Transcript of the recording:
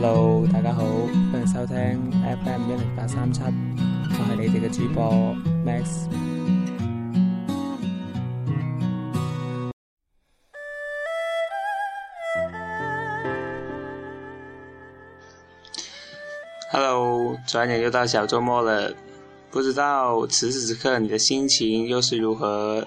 Hello，大家好，歡迎收聽 FM 一零八三七，我係你哋嘅主播 Max。Hello，轉眼又到小周末了，不知道此時此刻你的心情又是如何？